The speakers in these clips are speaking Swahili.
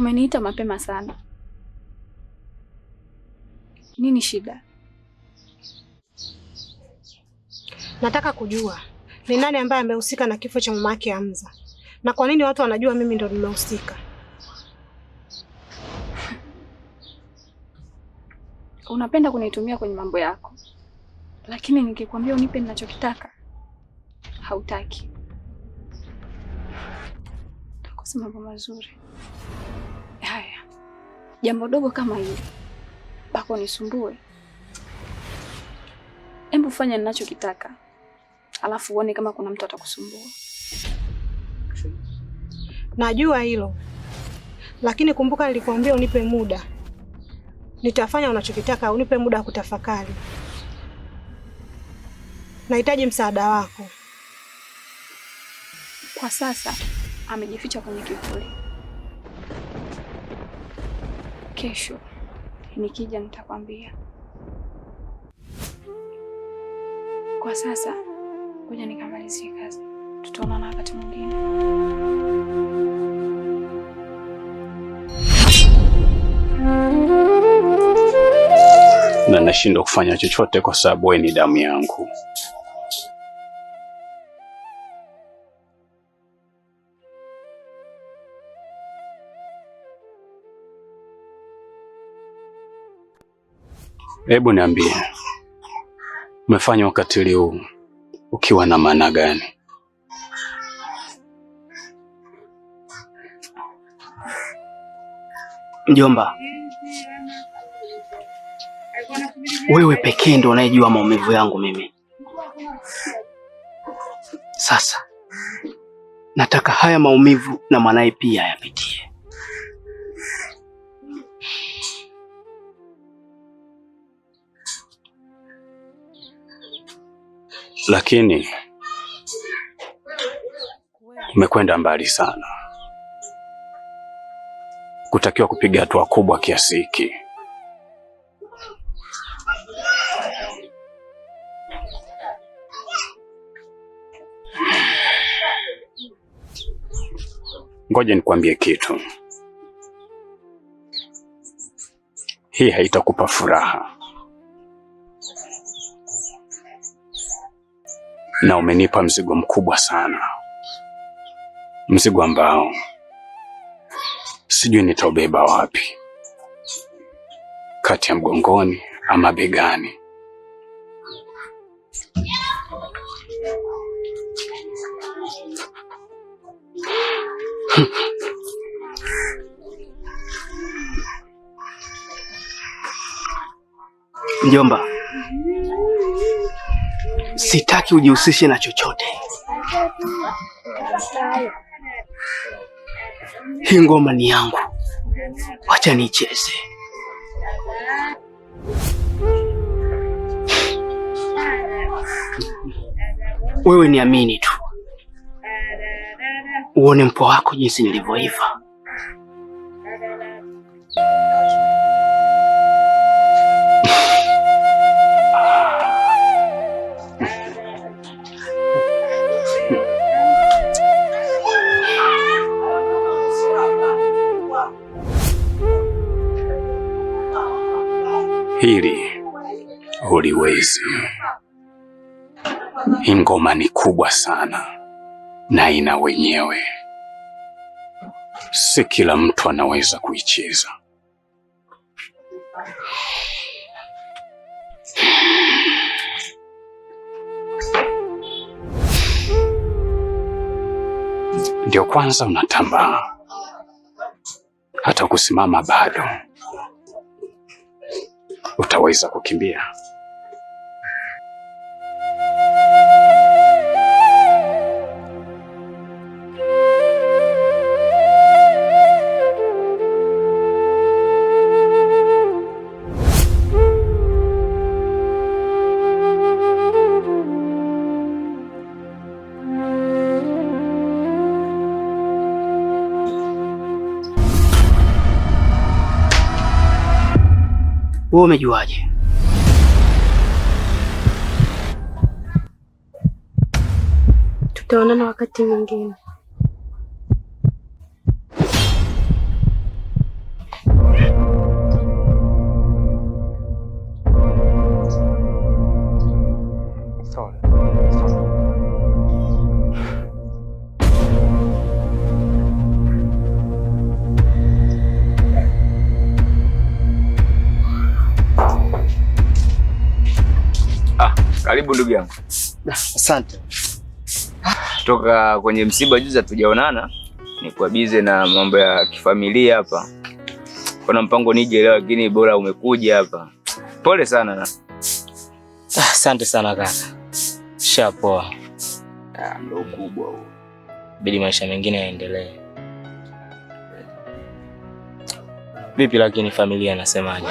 Umeniita mapema sana. Nini shida? Nataka kujua ni nani ambaye amehusika na kifo cha mama yake Hamza, na kwa nini watu wanajua mimi ndo nimehusika? Unapenda kunitumia kwenye mambo yako, lakini nikikwambia unipe ninachokitaka hautaki. Takosa mambo mazuri jambo dogo kama hili bako nisumbue? Hebu fanya ninachokitaka, alafu uone kama kuna mtu atakusumbua. Najua hilo, lakini kumbuka nilikuambia unipe muda. Nitafanya unachokitaka, unipe muda wa kutafakari. Nahitaji msaada wako. Kwa sasa amejificha kwenye kivuli. Kesho nikija nitakwambia. Kwa sasa kuja nikamalizie kazi, tutaonana wakati mwingine. Na nashindwa kufanya chochote kwa sababu wewe ni damu yangu. Hebu niambie, umefanya ukatili huu ukiwa na maana gani? Mjomba, wewe pekee ndio unayejua maumivu yangu mimi. Sasa nataka haya maumivu na mwanaye pia yapite. lakini umekwenda mbali sana. Kutakiwa kupiga hatua kubwa kiasi hiki. Ngoja nikwambie kitu, hii haitakupa furaha. na umenipa mzigo mkubwa sana, mzigo ambao sijui nitaubeba wapi, kati ya mgongoni ama begani. Mjomba. Sitaki ujihusishe na chochote. Hii ngoma ni yangu, wacha nicheze. Wewe niamini tu, uone mpo wako jinsi nilivyoiva. hili huliwezi. ingoma ni kubwa sana na ina wenyewe, si kila mtu anaweza kuicheza. Ndio kwanza unatambaa, hata kusimama bado utaweza kukimbia. Wewe umejuaje? Tutaonana wakati mwingine. Karibu ndugu yangu. Ah, asante. Toka kwenye msiba juzi hatujaonana, nikuwa bize na mambo ya kifamilia hapa, kuna mpango nije leo, lakini bora umekuja hapa. Pole sana na ah, asante sana kaka. Shapoa. Ah, ndo kubwa huo. Bidi maisha mengine yaendelee. Vipi lakini familia inasemaje?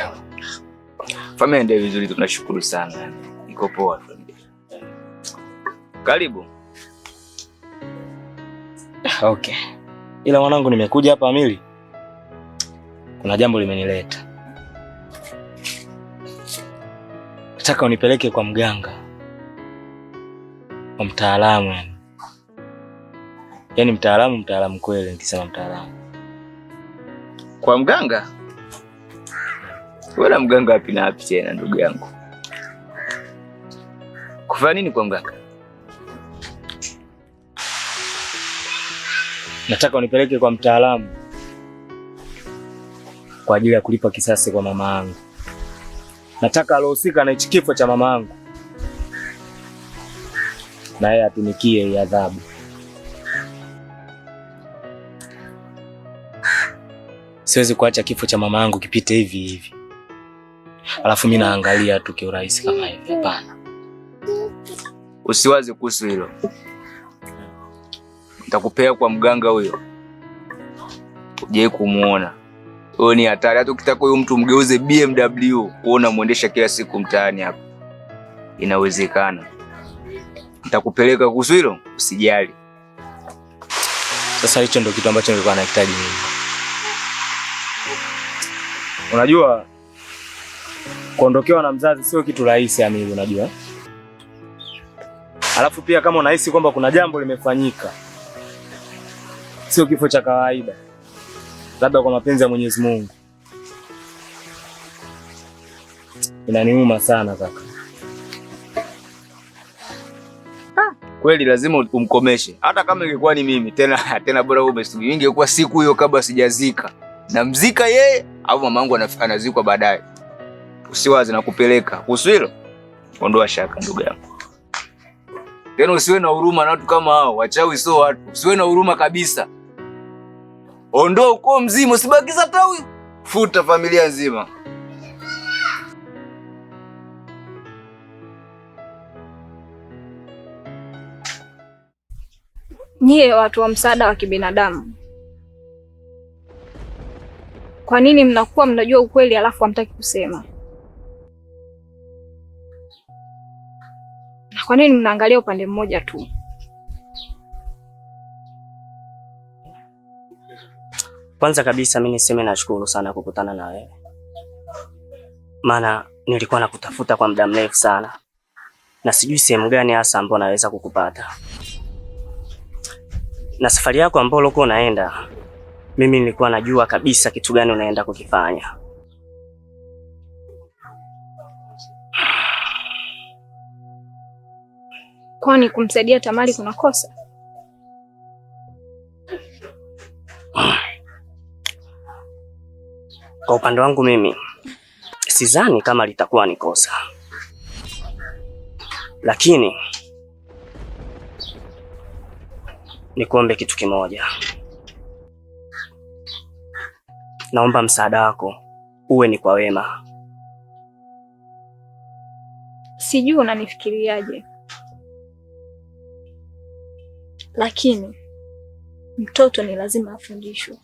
Familia ndio vizuri, tunashukuru sana. yani. Niko poa. Karibu. Okay. Ila mwanangu, nimekuja hapa Amili, kuna jambo limenileta. Nataka unipeleke kwa mganga, kwa mtaalamu, yani yani mtaalamu mtaalamu kweli, nikisema mtaalamu. Kwa mganga? Wewe na mganga wapi na wapi tena, ndugu yangu? Kufanya nini kwa mganga? Nataka unipeleke kwa mtaalamu kwa ajili ya kulipa kisasi kwa mama yangu. Nataka alohusika na hichi kifo cha mama yangu na yeye atumikie hii adhabu. Siwezi kuacha kifo cha mama yangu kipite hivi hivi, alafu mimi naangalia tu kiurahisi kama hivi. Hapana usiwaze kuhusu hilo, nitakupea kwa mganga huyo, ujai kumuona huyo. Ni hatari, hata ukitaka huyo mtu mgeuze BMW wewe unamwendesha kila siku mtaani hapo inawezekana. Nitakupeleka kuhusu hilo, usijali. Sasa hicho ndio kitu ambacho nilikuwa nahitaji mimi. Unajua, kuondokewa na mzazi sio kitu rahisi, Amini, unajua Alafu pia kama unahisi kwamba kuna jambo limefanyika, sio kifo cha kawaida, labda kwa mapenzi ya Mwenyezi Mungu. Inaniuma sana kaka. Ah. Kweli lazima umkomeshe, hata kama ingekuwa ni mimi tena tena, bora wewe umesubiri, ingekuwa siku hiyo kabla sijazika na mzika yeye au mama yangu anazikwa baadaye. usiwazi na kupeleka, kuhusu hilo ondoa shaka, ndugu yangu. Tena usiwe na huruma na watu kama hao, wachawi sio watu. Usiwe na huruma kabisa. Ondoa ukoo mzima, usibakiza tawi. Futa familia nzima. Nyie watu wa msaada wa kibinadamu, kwa nini mnakuwa mnajua ukweli alafu hamtaki kusema? Kwa nini mnaangalia upande mmoja tu? Kwanza kabisa mimi niseme nashukuru sana kukutana na wewe, maana nilikuwa nakutafuta kwa muda mrefu sana na sijui sehemu gani hasa ambapo naweza kukupata. Na safari yako ambayo ulikuwa unaenda, mimi nilikuwa najua kabisa kitu gani unaenda kukifanya. Kwani kumsaidia Tamari kuna kosa? Kwa upande wangu mimi sidhani kama litakuwa ni kosa, lakini nikuombe kitu kimoja. Naomba msaada wako uwe ni kwa wema. Sijui unanifikiriaje? lakini mtoto ni lazima afundishwe.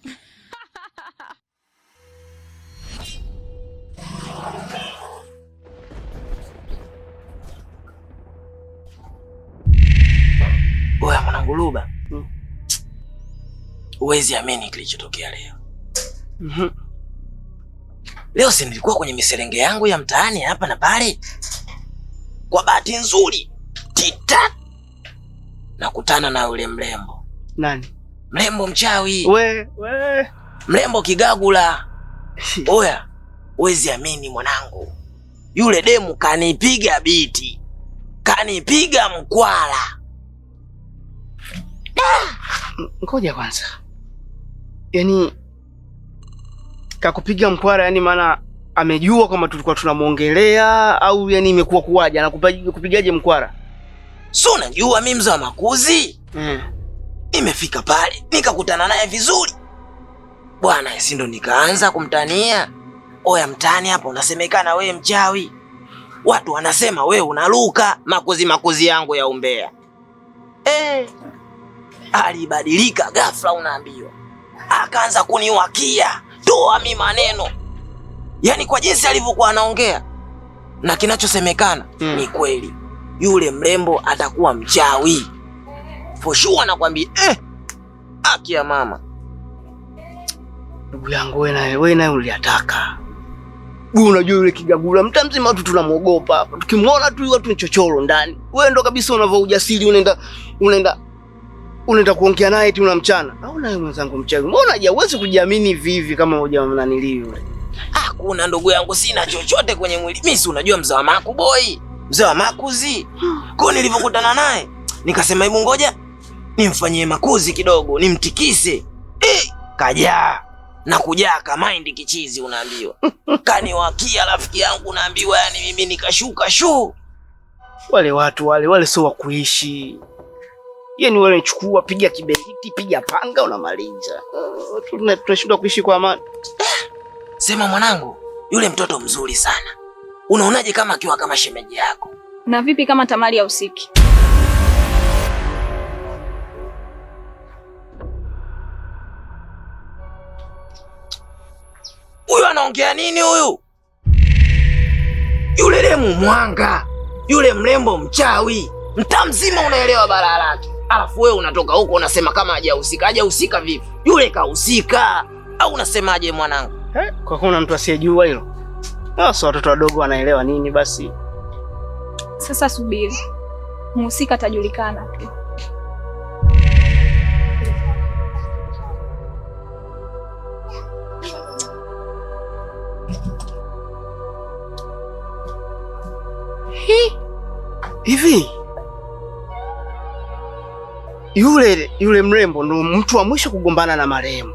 Wewe mwanangu Luba, mm. huwezi amini kilichotokea leo. mm -hmm. Leo si nilikuwa kwenye miserenge yangu ya mtaani hapa na pale, kwa bahati nzuri tita nakutana na yule mrembo. Nani? Mrembo mchawi. We, we. Mrembo kigagula. Oya, wezi amini mwanangu, yule demu kanipiga biti, kanipiga mkwala. Ngoja kwanza, yaani kakupiga mkwala yani maana amejua kwamba tulikuwa tunamwongelea au yani imekuwa kuwaja, Anakupigaje mkwala? si unajua mimi mzee wa makuzi mm. Nimefika pale nikakutana naye vizuri bwana, si ndo nikaanza kumtania, oya mtani hapo, unasemekana we mchawi, watu wanasema we unaruka makuzi, makuzi yangu ya umbea e. Eh, alibadilika ghafla, unaambiwa akaanza kuniwakia toa mi maneno, yaani kwa jinsi alivyokuwa anaongea na kinachosemekana mm. ni kweli yule mrembo atakuwa mchawi for sure, nakwambia eh. Aki ya mama, ndugu yangu, wewe naye wewe naye uliataka Guu, unajua yule Kigagula mtaa mzima watu tunamwogopa hapa. Tukimwona tu watu ni chochoro ndani. Wewe ndo kabisa unavaa ujasiri unaenda unaenda unaenda kuongea naye tu unamchana. Naona yeye mwenzangu mchawi. Mbona je, huwezi kujiamini vivi kama hoja mnanilio. Hakuna ndugu yangu, sina chochote kwenye mwili. Mimi si unajua mzaa maku boy mzee wa makuzi. Kwa nilivyokutana naye nikasema hebu ngoja nimfanyie makuzi kidogo, nimtikise eh, kajaa na kujaa kamaindi kichizi, unaambiwa kaniwakia rafiki yangu, unaambiwa yani mimi nikashuka shuu. Wale watu wale wale sio wa kuishi yani, wale nichukua, piga kibeti, piga panga, unamaliza. Tunashindwa kuishi kwa amani. Eh, sema mwanangu, yule mtoto mzuri sana unaonaje kama akiwa kama shemeji yako? Na vipi kama Tamari ya usiki? Huyu anaongea nini huyu? Yule Lemu mwanga, yule mrembo mchawi, mtaa mzima unaelewa balaa lake, alafu wewe unatoka huko unasema kama hajahusika. Hajahusika vipi? Yule kahusika, au unasemaje mwanangu? Eh, kwa kuna mtu asiyejua hilo sasa watoto wadogo wanaelewa nini? Basi sasa subiri, mhusika atajulikana tu. Hivi yule yule mrembo ndo mtu wa mwisho kugombana na marehemu,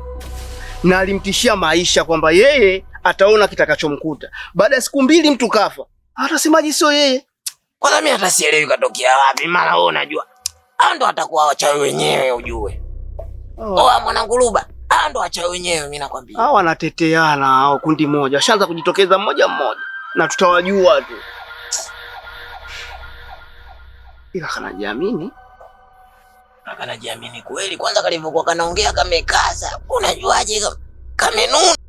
na alimtishia maisha kwamba yeye ataona kitakachomkuta. Baada ya siku mbili mtu kafa, atasemaje? Sio yeye. Kwanza mimi hata sielewi katokea wapi, mara wewe unajua. Hao ndo watakuwa wachawi wenyewe ujue. Oh, Oa mwananguruba. Hao ndo wachawi wenyewe mimi nakwambia. Hao wanateteana hao kundi moja. Washaanza kujitokeza mmoja mmoja na tutawajua tu. Ila kanajiamini. Kanajiamini kweli. Kwanza kalivyokuwa kanaongea kamekaza. Unajuaje kamenuna?